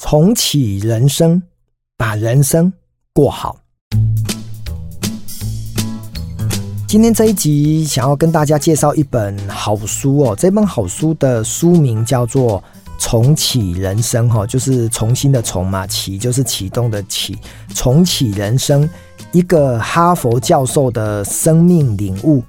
重啟人生，把人生過好。今天這一集，想要跟大家介紹一本好書哦。這本好書的書名叫做《重啟人生》哈，就是重新的重嘛，啟就是啟動的啟。重啟人生，一個哈佛教授的生命領悟，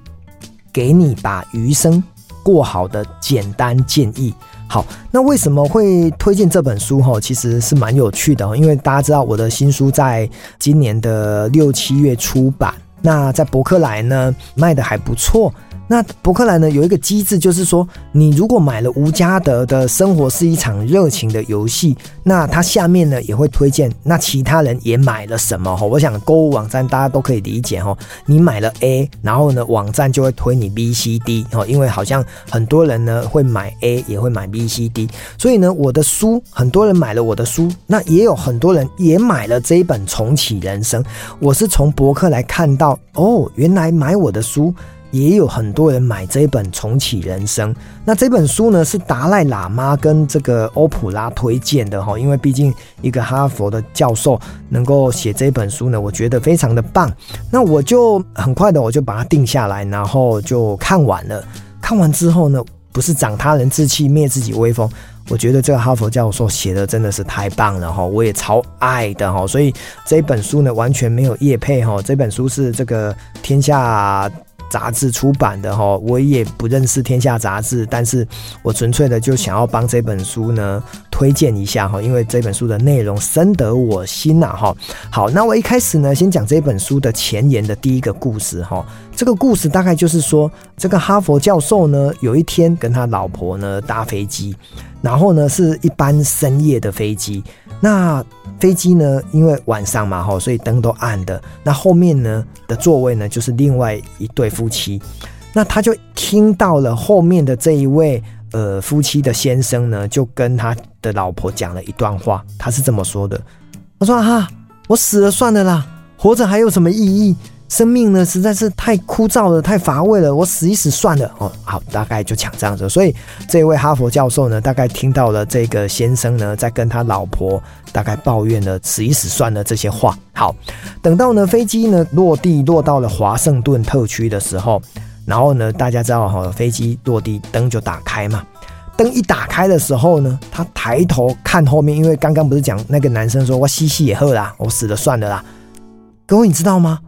給你把餘生過好的簡單建議。好，那為什麼會推薦這本書？哈，其實是蠻有趣的，因為大家知道我的新書在今年的六七月出版，那在博客來呢賣的還不錯。那博客來呢有一個機制，就是說你如果買了吳家德的《生活是一場熱情的遊戲》，那他下面呢也會推薦，那其他人也買了什麼？齁，我想購物網站大家都可以理解齁。你買了 A，然後呢網站就會推你 B、C、D，齁，因為好像很多人呢會買 A，也會買 B、C、D。所以呢，我的書很多人買了我的書，那也有很多人也買了這一本《重啟人生》。我是從博客來看到，哦，原來買我的書。也有很多人買這一本《重啟人生》，那這本書呢是達賴喇嘛跟這個歐普拉推薦的哈，因為畢竟一個哈佛的教授能夠寫這本書呢，我覺得非常的棒。那我就很快的，我就把它定下來，然後就看完了。看完之後呢，不是長他人志氣滅自己威風，我覺得這個哈佛教授寫得真的是太棒了哈，我也超愛的哈。所以這本書呢完全沒有業配哈，這本書是這個天下雜誌出版的，我也不認識天下雜誌，但是我純粹的就想要幫這本書呢推薦一下，因為這本書的內容深得我心啊。好，那我一開始呢，先講這本書的前言的第一個故事。這個故事大概就是說，這個哈佛教授呢，有一天跟他老婆呢搭飛機。然後呢，是一班深夜的飛機。那飛機呢，因為晚上嘛，吼，所以燈都暗的。那後面呢的座位呢，就是另外一對夫妻。那他就聽到了後面的這一位呃夫妻的先生呢，就跟他的老婆講了一段話。他是這麼說的：“他說哈、啊，我死了算了啦，活着還有什麼意義？”生命呢實在是太枯燥了，太乏味了，我死一死算了。哦，好，大概就講這樣子。所以這位哈佛教授呢，大概聽到了這個先生呢，在跟他老婆大概抱怨了死一死算了這些話。好，等到呢飛機呢落地，落到了華盛頓特區的時候，然後呢大家知道哈、哦，飛機落地燈就打開嘛，燈一打開的時候呢，他抬頭看後面，因為剛剛不是講那個男生說，我吸吸也喝啦，我死了算了啦。各位你知道嗎？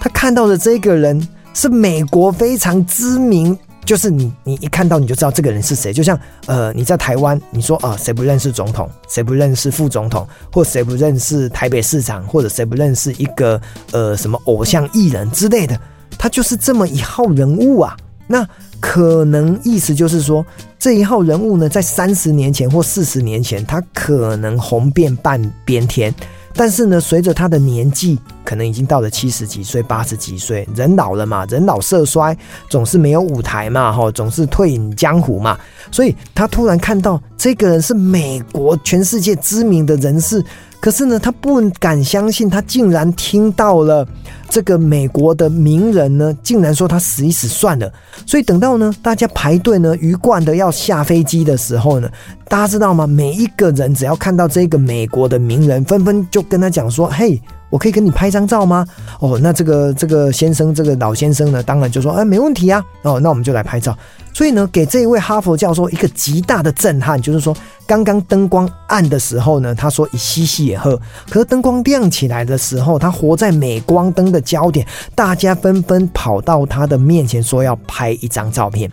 他看到的這個人是美國非常知名，就是你，你一看到你就知道這個人是誰。就像呃，你在台灣，你說啊，呃，誰不認識總統？誰不認識副總統？或誰不認識台北市長？或者誰不認識一個呃什麼偶像藝人之類的？他就是這麼一號人物啊。那可能意思就是說，這一號人物呢，在三十年前或四十年前，他可能紅遍半邊天。但是呢，隨着他的年紀，可能已經到了七十幾歲、八十幾歲，人老了嘛，人老色衰，總是沒有舞台嘛，哈，總是退隱江湖嘛，所以他突然看到這個人是美國全世界知名的人士。可是呢，他不敢相信，他竟然聽到了這個美國的名人呢，竟然說他死一死算了。所以等到呢，大家排隊呢，魚貫的要下飛機的時候呢，大家知道嗎？每一個人只要看到這個美國的名人，紛紛就跟他講說：“嘿。”我可以跟你拍張照嗎？哦，那這個這個先生，這個老先生呢，當然就說，哎，沒問題啊。哦，那我們就來拍照。所以呢，給這一位哈佛教授一個極大的震撼，就是說，剛剛燈光暗的時候呢，他說以嘻嘻也喝；可是燈光亮起來的時候，他活在鎂光燈的焦點，大家紛紛跑到他的面前說要拍一張照片。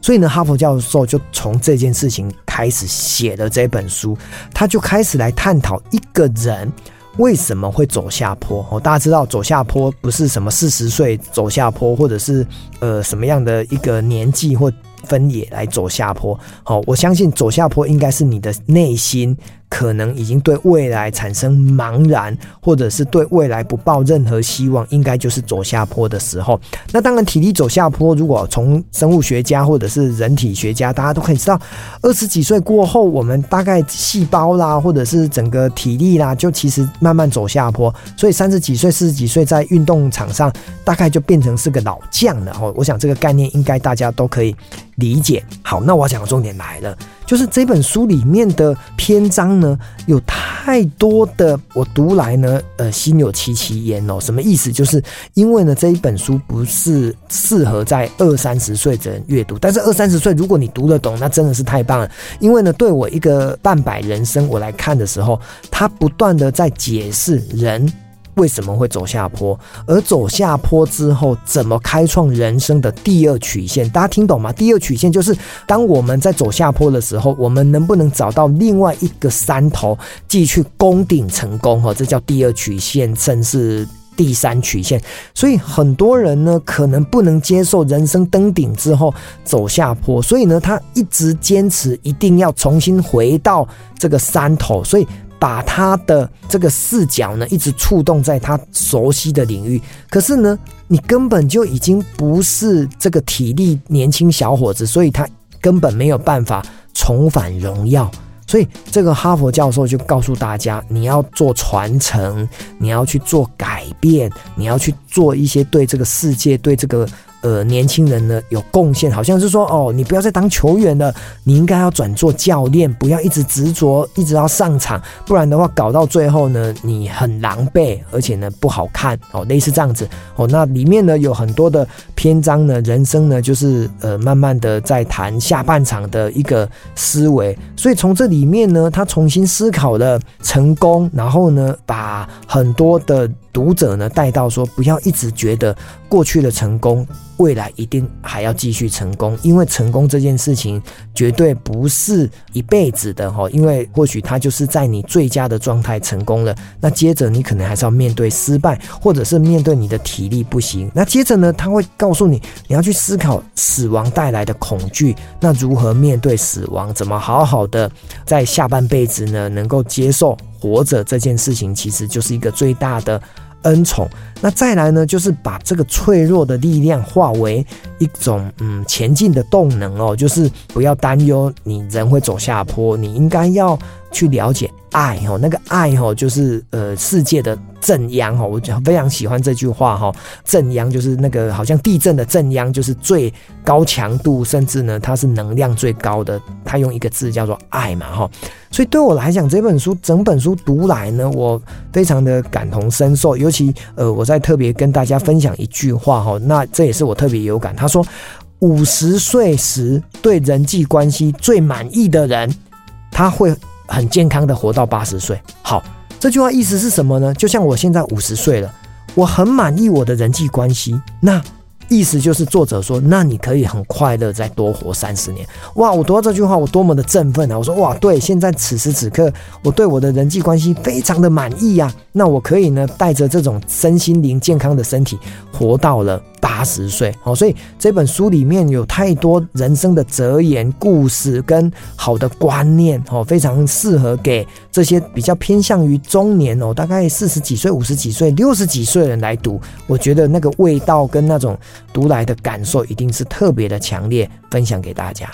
所以呢，哈佛教授就從這件事情開始寫了這本書，他就開始來探討一個人。為什麼會走下坡？哦，大家知道走下坡不是什麼四十歲走下坡，或者是呃什麼樣的一個年紀或分野來走下坡。好，哦，我相信走下坡應該是你的內心。可能已經對未來產生茫然，或者是對未來不抱任何希望，應該就是走下坡的時候。那當然，體力走下坡，如果從生物學家或者是人體學家，大家都可以知道，二十幾歲過後，我們大概細胞啦，或者是整個體力啦，就其實慢慢走下坡。所以三十幾歲、四十幾歲在運動場上，大概就變成是個老將了。哦，我想這個概念應該大家都可以理解。好，那我講的重點來了。就是這本書裡面的篇章呢，有太多的我讀來呢，呃，心有戚戚焉哦。什麼意思？就是因為呢，這一本書不是適合在二三十歲的人閱讀，但是二三十歲如果你讀得懂，那真的是太棒了。因為呢，對我一個半百人生我來看的時候，它不斷的在解釋人，為什麼會走下坡？而走下坡之後，怎麼開創人生的第二曲線？大家聽懂嗎？第二曲線就是，當我們在走下坡的時候，我們能不能找到另外一個山頭，繼續攻頂成功？哈，這叫第二曲線，甚至是第三曲線。所以很多人呢，可能不能接受人生登頂之後走下坡，所以呢，他一直堅持一定要重新回到這個山頭。所以。把他的這個視角呢，一直觸動在他熟悉的領域。可是呢，你根本就已經不是這個體力年輕小伙子，所以他根本沒有辦法重返榮耀。所以這個哈佛教授就告訴大家，你要做傳承，你要去做改變，你要去做一些對這個世界、對這個。呃，年輕人呢有貢獻，好像是說哦，你不要再當球員了，你應該要轉做教練，不要一直執着，一直要上場，不然的話搞到最後呢，你很狼狽，而且呢不好看哦，類似這樣子哦。那裡面呢有很多的篇章呢，人生呢就是呃慢慢的在談下半場的一個思維，所以從這裡面呢，他重新思考了成功，然後呢把很多的。讀者呢帶到說，不要一直覺得過去的成功，未來一定還要繼續成功，因為成功這件事情絕對不是一輩子的哈，因為或許他就是在你最佳的狀態成功了，那接着你可能還是要面對失敗，或者是面對你的體力不行，那接着呢，他會告訴你，你要去思考死亡帶來的恐懼，那如何面對死亡，怎麼好好的在下半輩子呢，能夠接受活着這件事情，其實就是一個最大的。恩寵，那再來呢，就是把這個脆弱的力量化為一種，嗯，前進的動能哦，就是不要擔憂你人會走下坡，你應該要。去了解愛哈，那個愛哈就是呃世界的震央哈，我非常喜歡這句話哈。震央就是那個好像地震的震央，就是最高強度，甚至呢它是能量最高的。它用一個字叫做愛嘛哈。所以對我來講，這本書整本書讀來呢，我非常的感同身受。尤其呃，我在特別跟大家分享一句話哈，那這也是我特別有感。他說，五十歲時對人際關係最滿意的人，他會。很健康的活到八十歲。好，這句話意思是什麼呢？就像我現在五十歲了，我很滿意我的人際關係。那意思就是作者說，那你可以很快樂再多活三十年。哇！我讀到這句話，我多麼的振奮啊！我說，哇，對，現在此時此刻，我對我的人際關係非常的滿意呀、啊。那我可以呢，帶着這種身心靈健康的身體，活到了。八十歲哦，所以這本書裡面有太多人生的哲言、故事跟好的觀念哦，非常適合給這些比較偏向於中年哦，大概四十幾歲、五十幾歲、六十幾歲的人來讀。我覺得那個味道跟那種讀來的感受一定是特別的強烈，分享給大家。